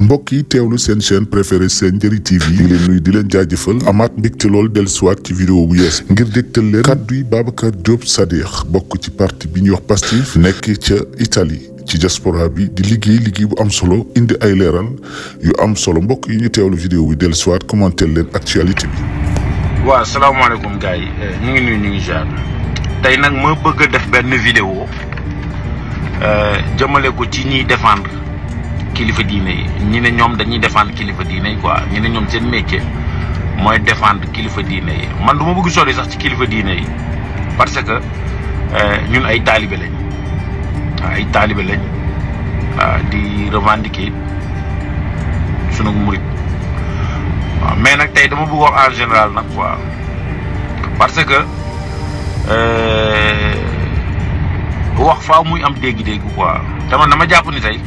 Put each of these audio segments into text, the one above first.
mbokk yi teewlu seen chaîne préférée seen njëriñ TV di leen nuyu di leen jaajëfal amaat mbégte loolu del suwaat ci vidéo bu yees ngir dégtal leen kàddu yi Babacar Diop bokk ci parti bi ñuy wax Pastef nekk ca Italie ci diaspora bi di liggéey liggéey bu am solo indi ay leeral yu am solo mbokk yi ñu teewlu vidéo bu del suwaat commenté leen actualité bi. waaw salaamaaleykum gars yi euh, ñu ngi nuyu ngi jaar tey nag ma bëgg def benn vidéo euh, jëmale ko ci ñiy défendre. kilifa diine yi ñi ne ñoom dañuy défendre kilifa diine yi quoi ñi ne ñoom seen métier mooy défendre kilifa diine yi man du ma bëgg sori sax ci kilifa diine yi parce que euh, ñun ay taalibe lañ ay taalibe lañ euh, di revendiquer sunu murit mais nag tey dama bëgg wax en général nag quoi parce que euh, wax faaw muy am dégg-dégg quoi dama dama jàpp ni tey.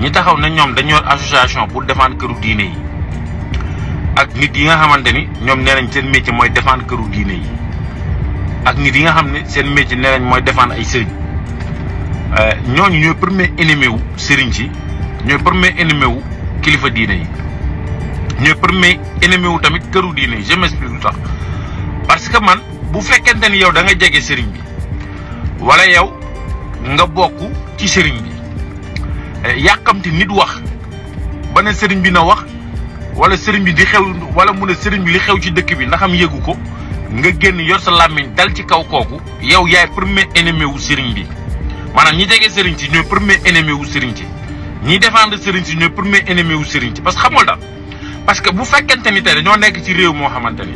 ñi taxaw ne ñoom dañoo yor association pour défendre këru diine yi ak nit yi nga xamante ni ñoom nee nañ seen métier mooy défendre këru diine yi ak nit yi nga xam ne seen métier nee nañ mooy défendre ay sëriñ euh, ñooñu ñooy premier ennemi wu sëriñ si ñooy premier ennemi wu kilifa diine yi ñooy premier ennemi wu tamit këru diine yi je m'explique tax parce que man bu fekkente ni yow da nga jege sëriñ bi wala yow nga bokk ci sëriñ bi. yàkkamti nit wax ba ne sëriñ bi na wax wala sëriñ bi di xew wala mu ne sëriñ bi li xew ci dëkk bi ndaxam yëgu ko nga génn yor sa làmmiñ dal ci kaw kooku yow yaay premier ennemi wu sëriñ bi maanaam ñi jege sëriñ si ñooy premier ennemi wu sëriñ si ñi défendre sëriñ si ñooy premier ennemi wu sëriñ si parce que xamul daal parce que bu fekkente ni tey dañoo nekk ci réew moo xamante ni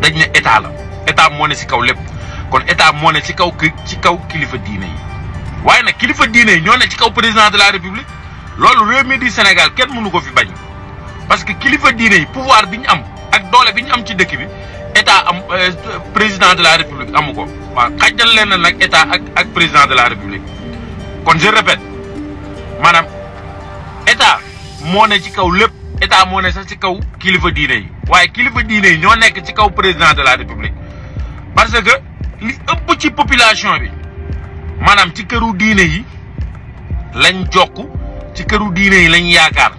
dañ ne état la état moo ne si kaw lépp kon état moo ne ci kaw ci kaw kilifa diine yi. waaye nag kilifa diine ñoo ne ci kaw président de la république loolu réew mi di Sénégal kenn mënu ko fi bañ parce que kilifa diine pouvoir bi am ak doole bi am ci dëkk bi état am euh, président de la république amu pas waaw xajjal leen nag état ak ak président de la république kon je répète madame, état moo ne ci kaw lépp état moo ne sax ci kaw kilifa diine yi waaye kilifa diine yi ñoo ci kaw président de la république parce que li ëpp ci population bi manam ci këru diine yi lañ jokku ci këru diine yi lañ yaakar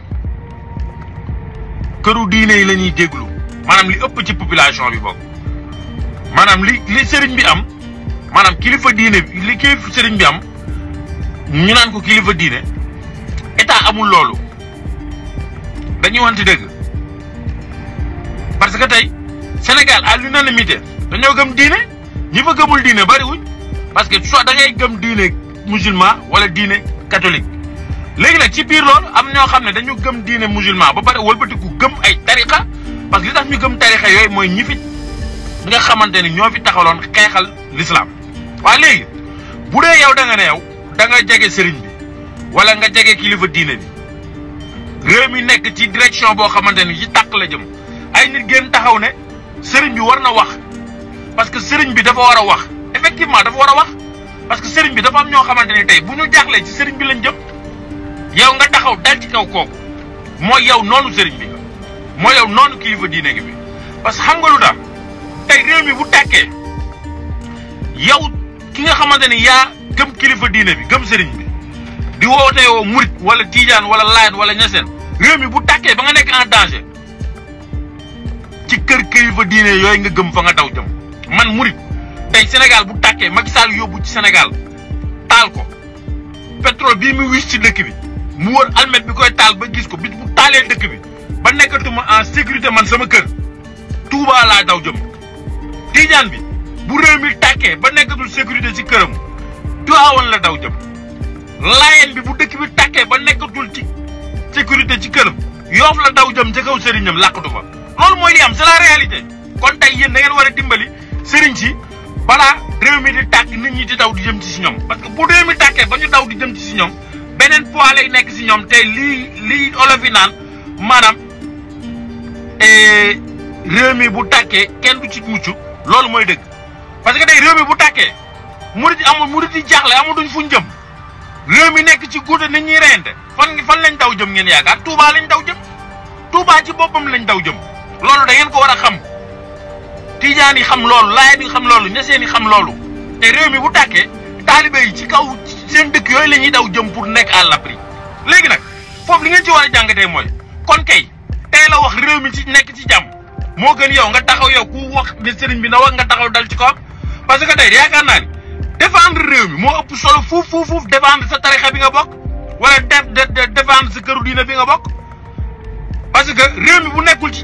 këru diine yi lañuy deglu manam li ëpp ci population bi bok manam li li serigne bi am manam kilifa diine bi li kilifa serigne bi am ñu naan ko kilifa diine état amul loolu dañu wanti deug parce que tay Sénégal à l'unanimité dañu gëm diine ñi fa gëmul diine parce que soit da gëm diine musulman wala diine catholique léegi nag ci biir loolu am ñoo xam ne dañu gëm diine musulman ba pare wëlbatiku gëm ay tarixa parce que li tax ñu gëm tarixa yooyu mooy ñi fi nga xamante ni ñoo fi taxaloon xeexal l'islam waaye léegi bu dee yow da ne yow danga jege sëriñ bi wala nga jege kilifa diine bi réew mi nekk ci direction boo xamante ni ci tàq la jëm ay nit gën taxaw ne sëriñ bi war na wax parce que sëriñ bi dafa war a wax effectivement dafa wara wax parce que serigne bi dafa am ño xamanteni tay buñu jaxlé ci serigne bi lañ jëm yow nga taxaw dal ci kaw kok moy yow nonu serigne bi moy yow noonu kilifa diine gi bi parce que xangalu da tay tax réew mi bu takké yow ki nga xamanteni ya gëm kilifa diine bi gëm serigne bi di woote woo mourid wala tidiane wala laayeen wala ñaseen réew mi bu takké ba nga nek en danger ci kër kilifa diine yoy nga gëm fa nga daw jëm man mourid tey Sénégal bu tàkkee Macky Sall yóbbu ci Sénégal taal ko pétrole bii mu wis ci dëkk bi mu wër almet bi koy taal ba gis ko bis bu taalee dëkk bi ba nekkatuma en sécurité man sama kër Touba laa daw jëm Tidiane bi bu réew mi tàkkee ba nekkatul sécurité ci këram Tiwaawan la daw jëm Laayeen bi bu dëkk bi tàkkee ba nekkatul ci sécurité ci këram Yoof la daw jëm ca kaw sëriñam làqatu fa loolu mooy li am c'est la réalité kon tey yéen da ngeen war a dimbali sëriñ si balaa réew mi di tàkk nit ñi di daw di jëm ci si ñoom parce que bu réew mi tàkkee ba ñu daw di jëm ci ñoom beneen poids lay nekk si ñoom te lii lii olof yi naan maanaam eh, réew mi bu tàkkee kenn du ci mucc loolu mooy dëgg parce que tey réew bu tàkkee murit yi amul murit yi jaaxle amatuñ fuñ jëm réew mi nekk ci guute nit ñuy reyante fan fan lañ daw jëm ngeen yaakaar Touba lañ daw jëm Touba ci boppam lañ daw jëm loolu da ngeen ko war a xam. tijaan xam lolou lay bi xam lolou ñeseen xam lolou te rew mi bu takke talibé yi ci kaw seen dëkk yoy lañuy daw jëm pour nek à l'abri légui nak fop li ngeen ci wara a moy kon kay tey la wax rew mi ci nek ci jam mo gën yow nga taxaw yow ku wax ne sëriñ bi na wax nga taxaw dal ci ko parce que tay yaakaar naani défendre rew mi mo ëpp solo fuuf fuuf fuuf défendre sa tarixa bi nga bok wala défendre sa këru diina bi nga bok parce que rew mi bu nekkul ci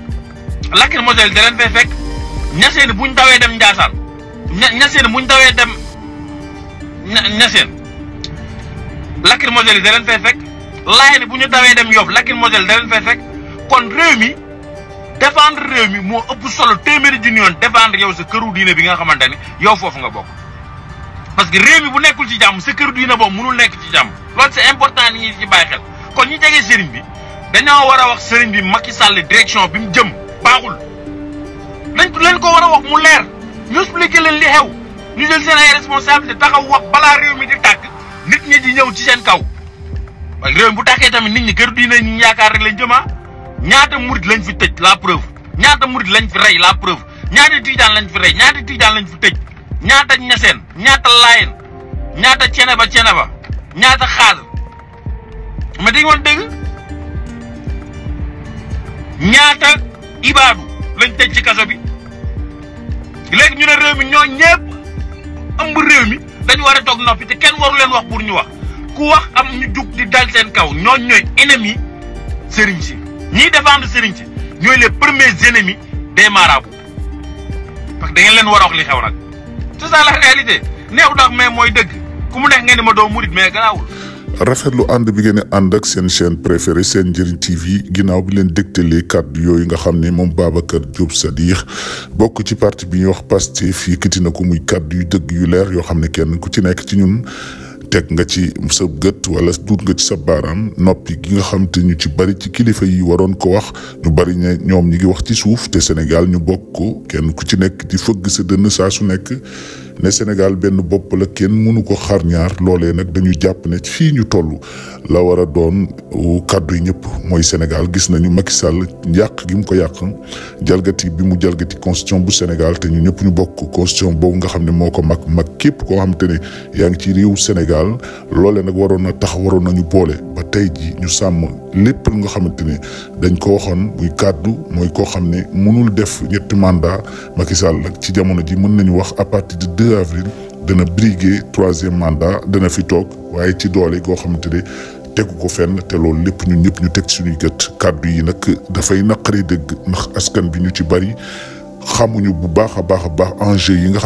lacrymogène da leen fay fekk ñaseen buñ dawee dem Njaasaan ñaseen buñ dawee dem ñaseen lacrymogène yi da leen fay fekk laayeen bu ñu dawee dem Yoff lacrymogène da leen fay fekk kon réew mi défendre réew mi moo ëpp solo téeméeri junni yoon défendre yow sa këru diine bi nga xamante ne yow foofu nga bokk parce que réew mi bu nekkul ci jàmm sa këru diine boobu mënul nekk ci jàmm loolu c'est important ni ñu ci xel kon ñu jege sëriñ bi dañoo war a wax sëriñ bi Macky Sall direction bi mu jëm baaxul nañ leen ko wara wax mu leer ñu expliqué leen li xew ñu jël seen ay responsabilité taxaw wax bala réew mi di tàkk nit ñi di ñëw ci seen kaw waaye réew bu tàkkee tamit nit ñi kër diine ñu yaakaar rek lañ jëma ñaata murit lañ fi tëj la preuve ñaata murit lañ fi rey la preuve ñaata tiijaan lañ fi rey ñaata tiijaan lañ fi tëj ñaata ñaseen ñaata laayen ñaata cene ba cene ba ñaata xaal ma di ngoon dégg ñaata ibaadu lañ tëj ci kaso bi léegi ñu ne réew mi ñoo ñëpp ëmb réew mi dañu war a toog noppi te kenn waru leen wax pour ñu wax ku wax am ñu jug di dal seen kaw ñooñ ñooy ennemis sëriñ si ñiy défendre sëriñ si ñooy les premiers ennemis des marabouts parce que da ngeen leen war a wax li xew nag c'est ça la réalité neex dox mais mooy dëgg ku mu neex ngeen di ma doo murit mais garaawul rafetlu ànd bi ngeen di ànd ak seen chaîne préférée seen njëriñ TV ginnaaw bi leen dégtalee kàddu yooyu nga xam ni moom baaba kër Babacar Diop Sadikh bokk ci partie bi ñu wax Pastef yëkkati na ko muy kàddu yu dëgg yu leer yoo xam ne kenn ku ci nekk ci ñun. teg nga ci sa gët wala duut nga ci sa baaraam noppi gi nga xam te ñu ci bari ci kilifa yi waroon ko wax ñu bari ne ñoom ñi ngi wax ci suuf te Sénégal ñu bokk kenn ku ci nekk di fëgg sa dënn saa su nekk ne Sénégal benn bopp la kenn mënu ko xar ñaar loolee nag dañu jàpp ne fii ñu toll la war a doon kàddu yi ñëpp mooy Sénégal gis nañu mag Sall yàq gi mu ko yàq jalgati bi mu jalgati constitution bu Sénégal te ñu ñëpp ñu bokk constitution boobu nga xam ne moo ko mag mag képp koo xam te ne yaa ngi ci réew Sénégal loolee nag waroon na tax waroon nañu boole ba tey ji ñu sàmm. lépp nga xamante dañ ko waxoon muy mënul def mandat Macky Sall ci ji mën wax à partir du 2 avril dana briguer troisième mandat dana fi toog waaye ci doole goo xamante ne tegu ko fenn te loolu lépp ñun ñëpp ñu teg suñuy gët kàddu yi nag dafay naqari ndax askan bi ñu ci bari xamuñu bu a baax a yi nga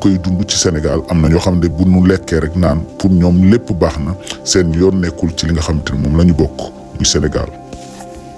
koy Sénégal na ñoo bu rek naan pour ñoom lépp baax ci li e Senegal.